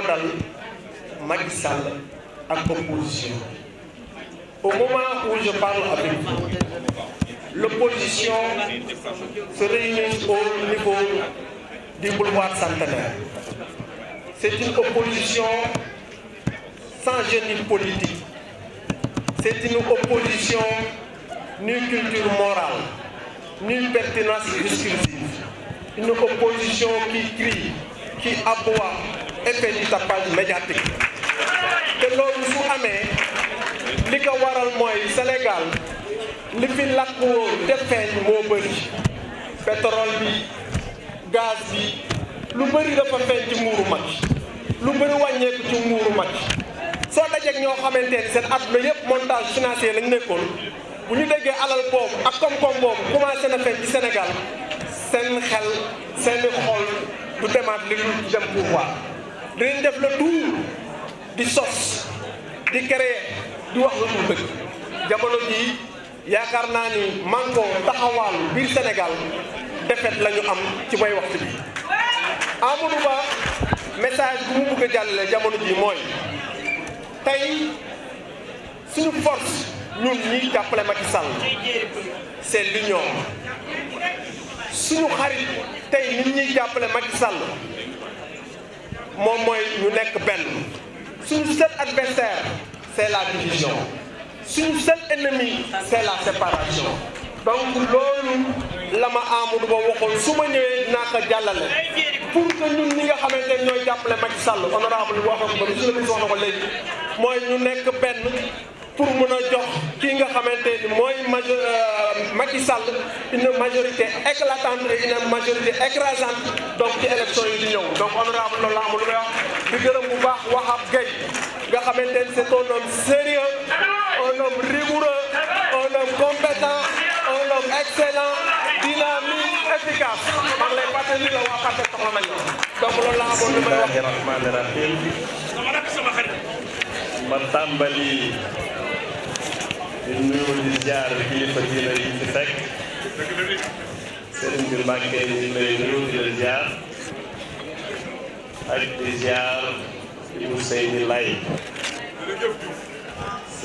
dans Macky au moment où je parle avec vous l'opposition se réunit au niveau du boulevard Centenaire c'est une opposition sans génie politique c'est une opposition ni culture morale ni pertinence exclusive. une opposition qui crie qui aboie effet du tapage médiatique te loolu su amee li ko waral mooy Sénégal li fi lakk woon te feeñ moo bëri pétrole bi gaz bi lu bëri dafa feeñ ci muuru mag lu bëri wàññeeku ci muuru mag soo dajeeg ñoo xamante ni seen àdduna yëpp montage financier lañ nekkoon bu ñu déggee alal boobu ak koom-koom boobu commencé na feeñ ci Sénégal seen xel seeni xol du demaat li lu jëm pouvoir dinañ def la tout di sos di créer di wax lu dul dëgg jamono jii yaakaar naa ni manko taxawaalu biir Sénégal defet la ñu am ci may waxtu bi Amadou Ba message bu mu bëgg a jamono ji mooy tey suñu force ñun ñi jàppale Macky Sall c'est l'union suñu xarit tey nit ñuy jàppale Macky sàll moom mooy ñu nekk benn suñu seul adversaire c'est la division suñu seul ennemi c'est la séparation donc loolu la ma Amadou Ba waxoon su ma ñëwee dinaa pour que ñun ñi nga xamante ne ñooy Macky Sall honorable waxoon ba monsieur le ministre wax na ko léegi mooy ñu nekk benn pour mën a jox kii nga xamante ni euh, Macky Sall une majorité éclatante et une majorité écrasante donc c'est un homme sérieux, un homme rigoureux, un homme compétent, un homme excellent, dynamique, efficace. man lay fàttali la waa Fatou soxla nañu donc loolu laa amoon lu may wax. bismillaahi rahmaani rahiim. ma tàmbali di nuyu di ziar kilifa diina yi fi fekk. sëriñ bi Mbàkke ñu lay nuyu di ziar. ak di ziar Ousseynou Laye.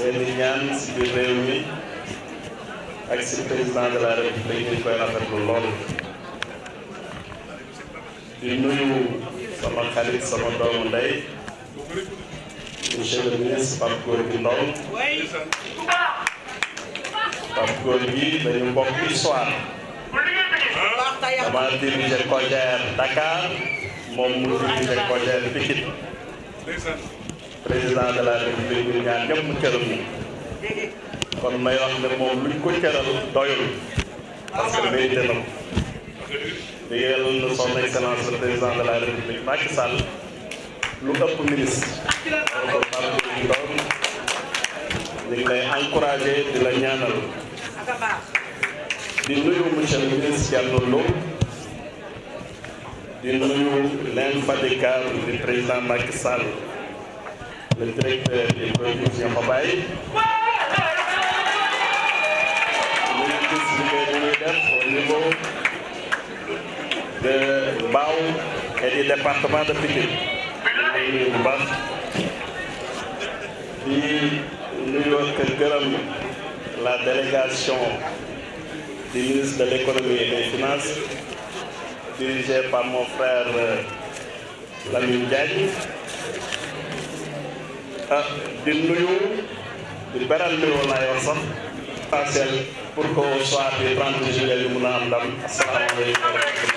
seeni ñaan si biir président de la république sama xarit sama doomu ndey monsieur le ministre Pape Gorgui Ndong Pape Gorgui dañu mbokk histoire dama dirigé Kodiar Dakar président de la république ñu ñaan ñëpp mu cëral ñu kon may wax ne moom luñ ko cëral doyul parce que mérité na ko liggéeyal na son excellence le président de la république Macky Sall lu ëpp ministre kon Pape Diop Ndao ñu ngi lay encouragé di la ñaanal di nuyu monsieur le ministre Thierno Lo di nuyu l'infatigable du président Macky Sall le directeur des projets mobile Nous sommes tous ñuy def au niveau de baou et du département de Pikine Et nuyu bu la délégation du ministre de l'économie et des finances dirigée par mon frère euh, Lamine Diagne ah di nuyu di beral nuyoo laay wax sax essentiel pour que soit bi 30 juillet bi mun a am ndam asalaamaaleykum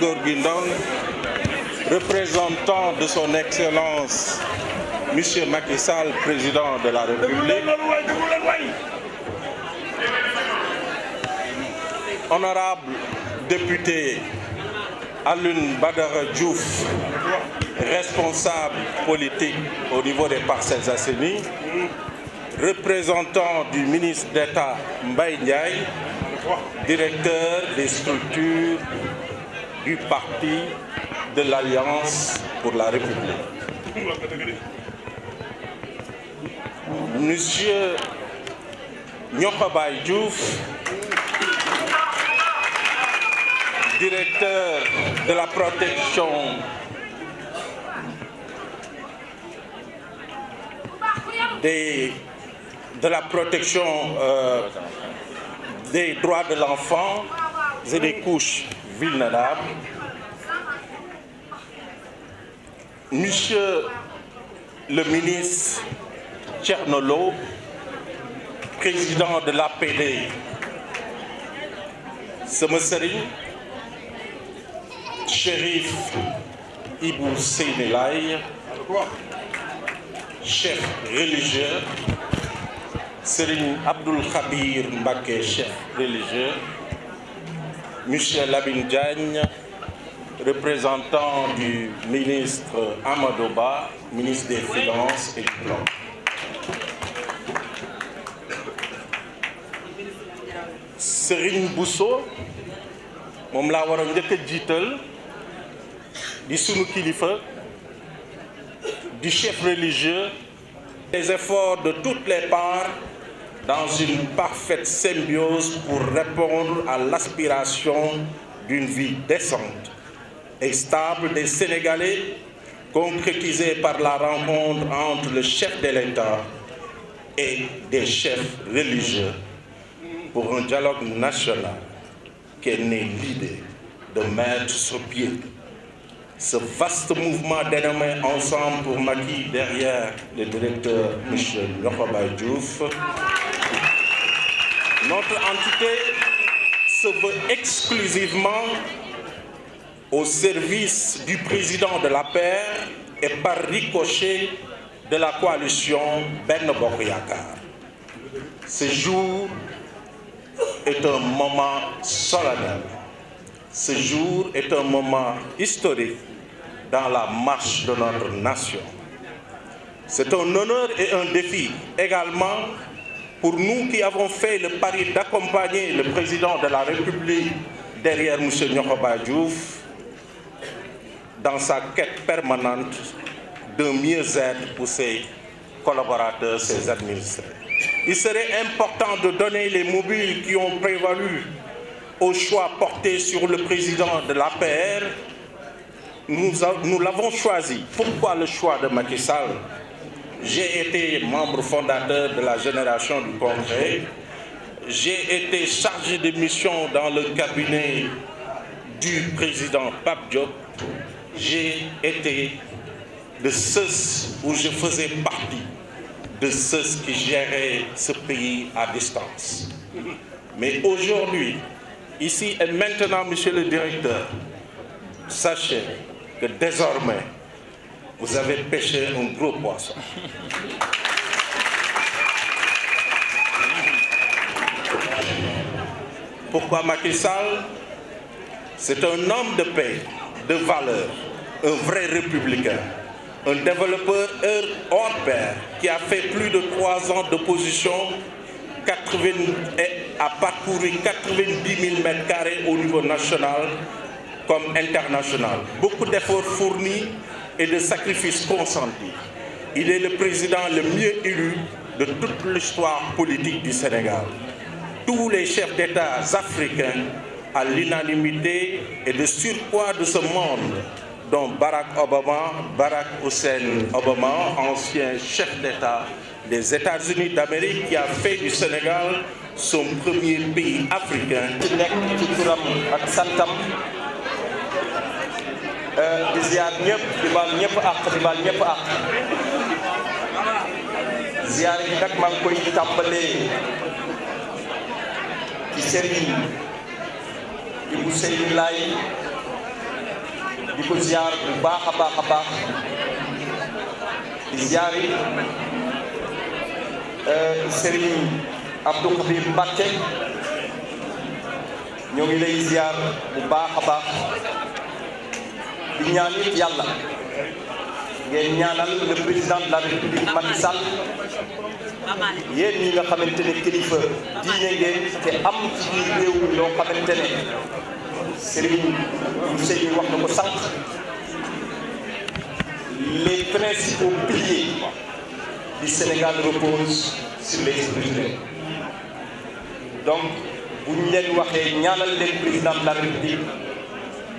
Gorguindon, représentant de son Excellence Monsieur Macky Sall, président de la République, honorable député Alun Badara responsable politique au niveau des parcelles assainies, représentant du ministre d'État Mbaye Ndiaye, directeur des structures du parti de l'Alliance pour la République. Monsieur Nyokabay Diouf, directeur de la protection des, de la protection euh, des droits de l'enfant, et des couches Monsieur le ministre Tchernolo, président de l'APD, Semeseri, Shérif Ibou Laye chef religieux, Serine Abdul Khabir Mbake, chef religieux, Michel Labine représentant du ministre Amadoba, ministre des Finances et du Plan. Sérine Bousso mon laa de du du chef religieux des efforts de toutes les parts dans une parfaite symbiose pour répondre à l'aspiration d'une vie décente et stable des Sénégalais, concrétisée par la rencontre entre le chef de l'État et des chefs religieux pour un dialogue national qui est né l'idée de mettre sur pied ce vaste mouvement dénommé Ensemble pour Maki derrière le directeur Michel Diouf. Notre entité se veut exclusivement au service du président de la paix et par ricochet de la coalition Ben Bokoyakar. Ce jour est un moment solennel. Ce jour est un moment historique dans la marche de notre nation. C'est un honneur et un défi également pour nous qui avons fait le pari d'accompagner le président de la République derrière M. Nyokoba Diouf dans sa quête permanente de mieux-être pour ses collaborateurs, ses administrés. Il serait important de donner les mobiles qui ont prévalu au choix porté sur le président de l'APR. Nous, nous l'avons choisi. Pourquoi le choix de Macky Sall j'ai été membre fondateur de la génération du Congrès. J'ai été chargé de mission dans le cabinet du président Pape Diop. J'ai été de ceux où je faisais partie, de ceux qui géraient ce pays à distance. Mais aujourd'hui, ici et maintenant, monsieur le directeur, sachez que désormais, vous avez pêché un gros poisson. Pourquoi Macky Sall C'est un homme de paix, de valeur, un vrai républicain, un développeur hors pair qui a fait plus de trois ans d'opposition et a parcouru 90 000 mètres carrés au niveau national comme international. Beaucoup d'efforts fournis et de sacrifices consentis. Il est le président le mieux élu de toute l'histoire politique du Sénégal. Tous les chefs d'État africains, à l'unanimité et de surpoids de ce monde, dont Barack Obama, Barack Hussein Obama, ancien chef d'État des États-Unis d'Amérique, qui a fait du Sénégal son premier pays africain. Euh, di ziar ñëpp di baal ñëpp àq di baal ñëpp àq ziar yi nag maa koy tàmbalee ci sëriñ di bu sëriñ di ko ziar bu baax a baax a baax di ziar yi euh, sëriñ Abdou Khadir Mbacke ñoo ngi lay ziar bu baax a baax. di ñaanit yàlla ngeen ñaanal le président de la république Macky Sall yéen ñi nga xamante ne kilifa diine ngeen te am ci biir réew loo xamante ne Serigne Ousseynou wax na ko sànq les principaux piliers du Sénégal reposent sur les spirituels donc bu ñu leen waxee ñaanal leen président de la république.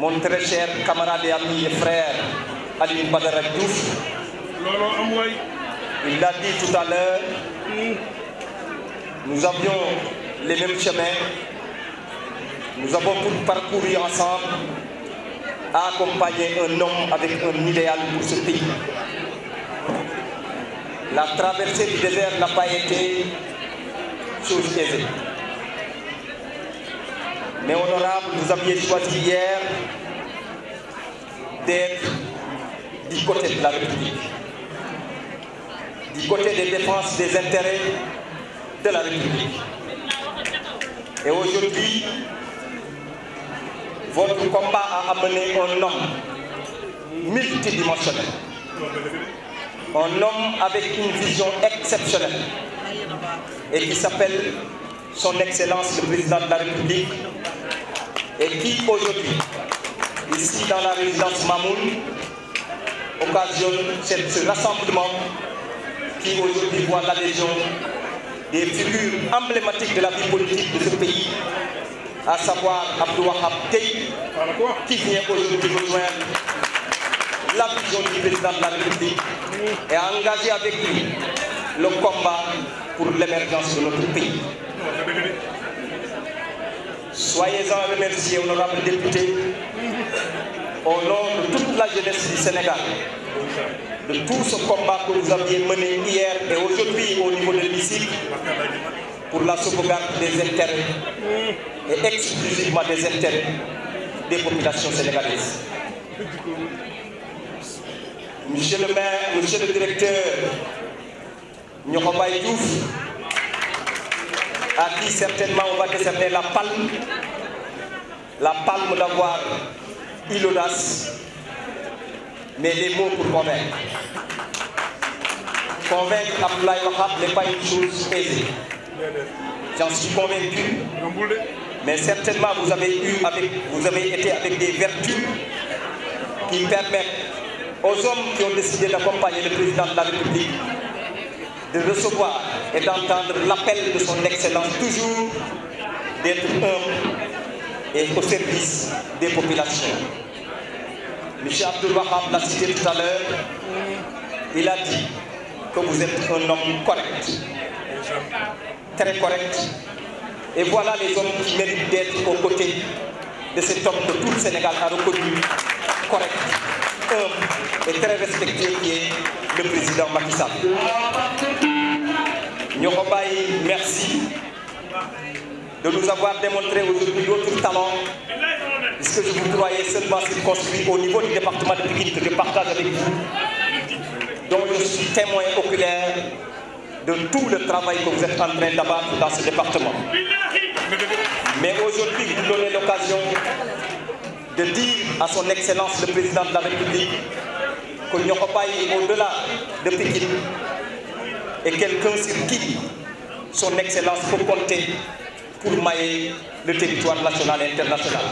mon très cher camarade et ami et frère Ali Badara Il l'a dit tout à l'heure, nous avions les mêmes chemins, nous avons tout parcouru ensemble à accompagner un homme avec un idéal pour ce pays. La traversée du désert n'a pas été chose aisée. Mais honorable, vous aviez choisi hier d'être du côté de la République, du côté des défenses des intérêts de la République. Et aujourd'hui, votre combat a amené un homme multidimensionnel, un homme avec une vision exceptionnelle et qui s'appelle son Excellence le Président de la République, qui aujourd'hui, ici dans la résidence Mamoun, occasionne ce rassemblement qui aujourd'hui voit l'adhésion des figures emblématiques de la vie politique de ce pays, à savoir Abdou Wahab qui vient aujourd'hui rejoindre la vision du président de la République et a avec lui le combat pour l'émergence de notre pays. Soyez-en remerciés, honorables députés, au nom de toute la jeunesse du Sénégal, de tout ce combat que vous aviez mené hier et aujourd'hui au niveau de l'hémicycle pour la sauvegarde des intérêts et exclusivement des intérêts des populations sénégalaises. Monsieur le maire, monsieur le directeur, pas Diouf, à qui certainement on va décerner la palme, la palme d'avoir eu l'audace, mais les mots pour convaincre. Convaincre Abdoulaye n'est pas une chose aisée. J'en suis convaincu, mais certainement vous avez, eu avec, vous avez été avec des vertus qui permettent aux hommes qui ont décidé d'accompagner le président de la République de recevoir et d'entendre l'appel de son excellence toujours d'être humble et au service des populations. Monsieur Abdul Wahab l'a cité tout à l'heure, il a dit que vous êtes un homme correct, très correct, et voilà les hommes qui méritent d'être aux côtés de cet homme que tout le Sénégal a reconnu correct, humble et très respecté qui est le président Macky Sall. Nyokobaï, merci de nous avoir démontré aujourd'hui d'autres talents. Puisque je vous croyais seulement construit au niveau du département de Pékin que je partage avec vous. Donc je suis témoin oculaire de tout le travail que vous êtes en train d'abattre dans ce département. Mais aujourd'hui, vous donnez l'occasion de dire à son Excellence le Président de la République que Nyokopaï, au-delà de Pékin, et quelqu'un sur qui son excellence peut compter pour mailler le territoire national et international.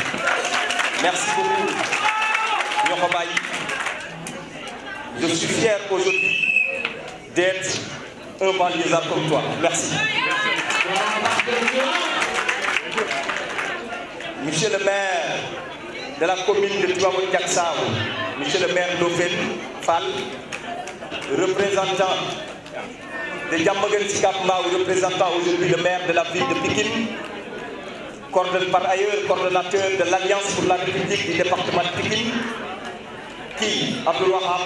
Merci beaucoup, Je suis fier aujourd'hui d'être un banlieusard comme toi. Merci. Monsieur le maire de la commune de Tuamon Diaksao, Monsieur le maire d'Ofen Fall, représentant de Djambagan Sikapma représentant aujourd'hui le maire de la ville de Pékin, par ailleurs coordonnateur de l'Alliance pour la République du département de Pékin, qui, Abdul Wahab,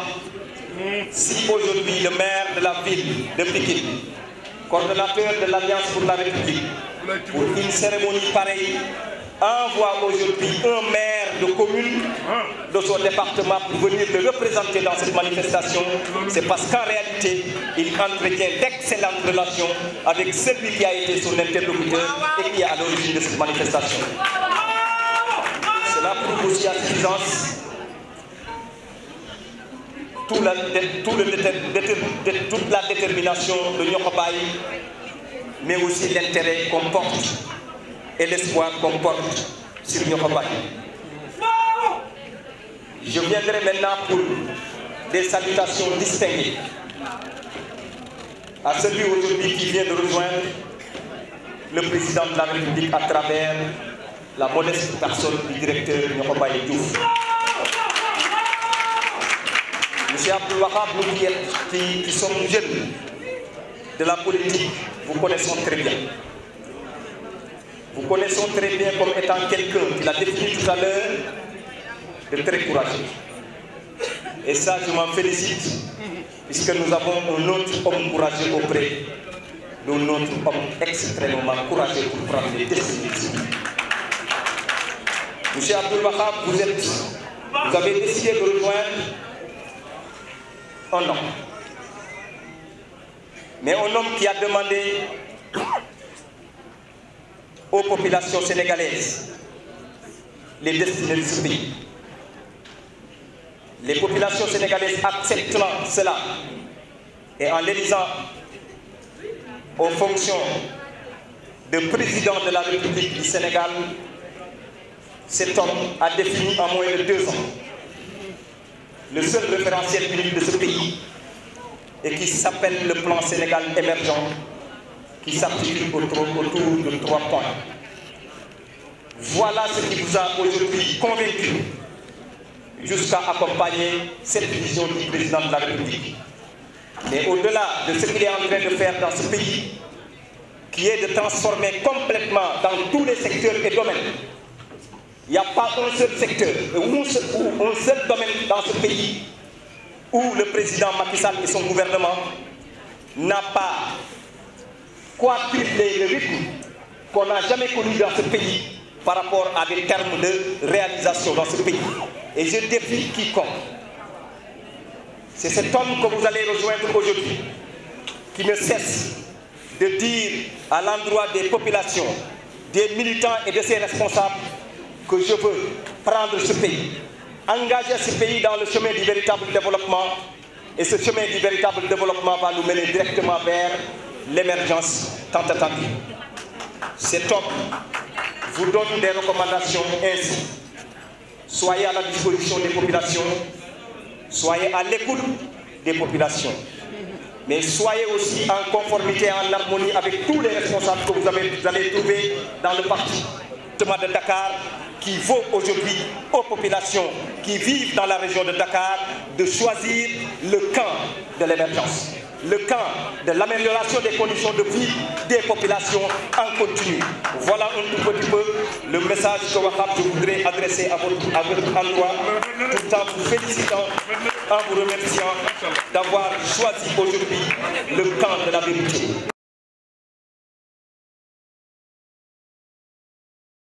si aujourd'hui le maire de la ville de Pékin, coordonnateur de l'Alliance pour la République, pour une cérémonie pareille, envoie aujourd'hui un maire de communes de son département pour venir le représenter dans cette manifestation, c'est parce qu'en réalité, il entretient d'excellentes relations avec celui qui a été son interlocuteur et qui est à l'origine de cette manifestation. Cela prouve aussi à suffisance la, toute la détermination de Nyokobaï, mais aussi l'intérêt qu'on porte et l'espoir qu'on porte sur Nyokobaï. Je viendrai maintenant pour des salutations distinguées à celui aujourd'hui qui vient de rejoindre le président de la République à travers la modeste personne du directeur Nyokobaye Diouf. Monsieur Abdul Wahab, nous qui, qui, qui sommes jeunes de la politique, vous connaissons très bien. Vous connaissons très bien comme étant quelqu'un qui l'a défini tout à l'heure de très courageux. Et ça, je m'en félicite, puisque nous avons un autre homme courageux auprès Un autre homme extrêmement courageux pour prendre les décisions. Monsieur Abdul Wahab, vous, êtes, vous avez décidé de rejoindre un homme. Mais un homme qui a demandé aux populations sénégalaises les destinées de les populations sénégalaises acceptent cela. Et en l'élisant aux fonctions de président de la République du Sénégal, cet homme a défini en moins de deux ans le seul référentiel unique de ce pays et qui s'appelle le plan Sénégal émergent qui s'applique autour, autour de trois points. Voilà ce qui vous a aujourd'hui convaincu jusqu'à accompagner cette vision du président de la République. Mais au-delà de ce qu'il est en train de faire dans ce pays, qui est de transformer complètement dans tous les secteurs et domaines, il n'y a pas un seul secteur ou un seul, domaine dans ce pays où le président Macky Sall et son gouvernement n'a pas quadruplé le rythme qu'on n'a jamais connu dans ce pays par rapport à des termes de réalisation dans ce pays. Et je défie quiconque. C'est cet homme que vous allez rejoindre aujourd'hui qui ne cesse de dire à l'endroit des populations, des militants et de ses responsables que je veux prendre ce pays, engager ce pays dans le chemin du véritable développement. Et ce chemin du véritable développement va nous mener directement vers l'émergence tant attendue. Cet homme vous donne des recommandations ainsi soyez à la disposition des populations, soyez à l'écoute des populations. Mais soyez aussi en conformité, en harmonie avec tous les responsables que vous, avez, allez trouver dans le parti de Dakar qui vaut aujourd'hui aux populations qui vivent dans la région de Dakar de choisir le camp de l'émergence le camp de l'amélioration des conditions de vie des populations en continu. Voilà un tout petit peu le message que je voudrais adresser à votre, à endroit, tout en vous félicitant, en vous remerciant d'avoir choisi aujourd'hui le camp de la vérité.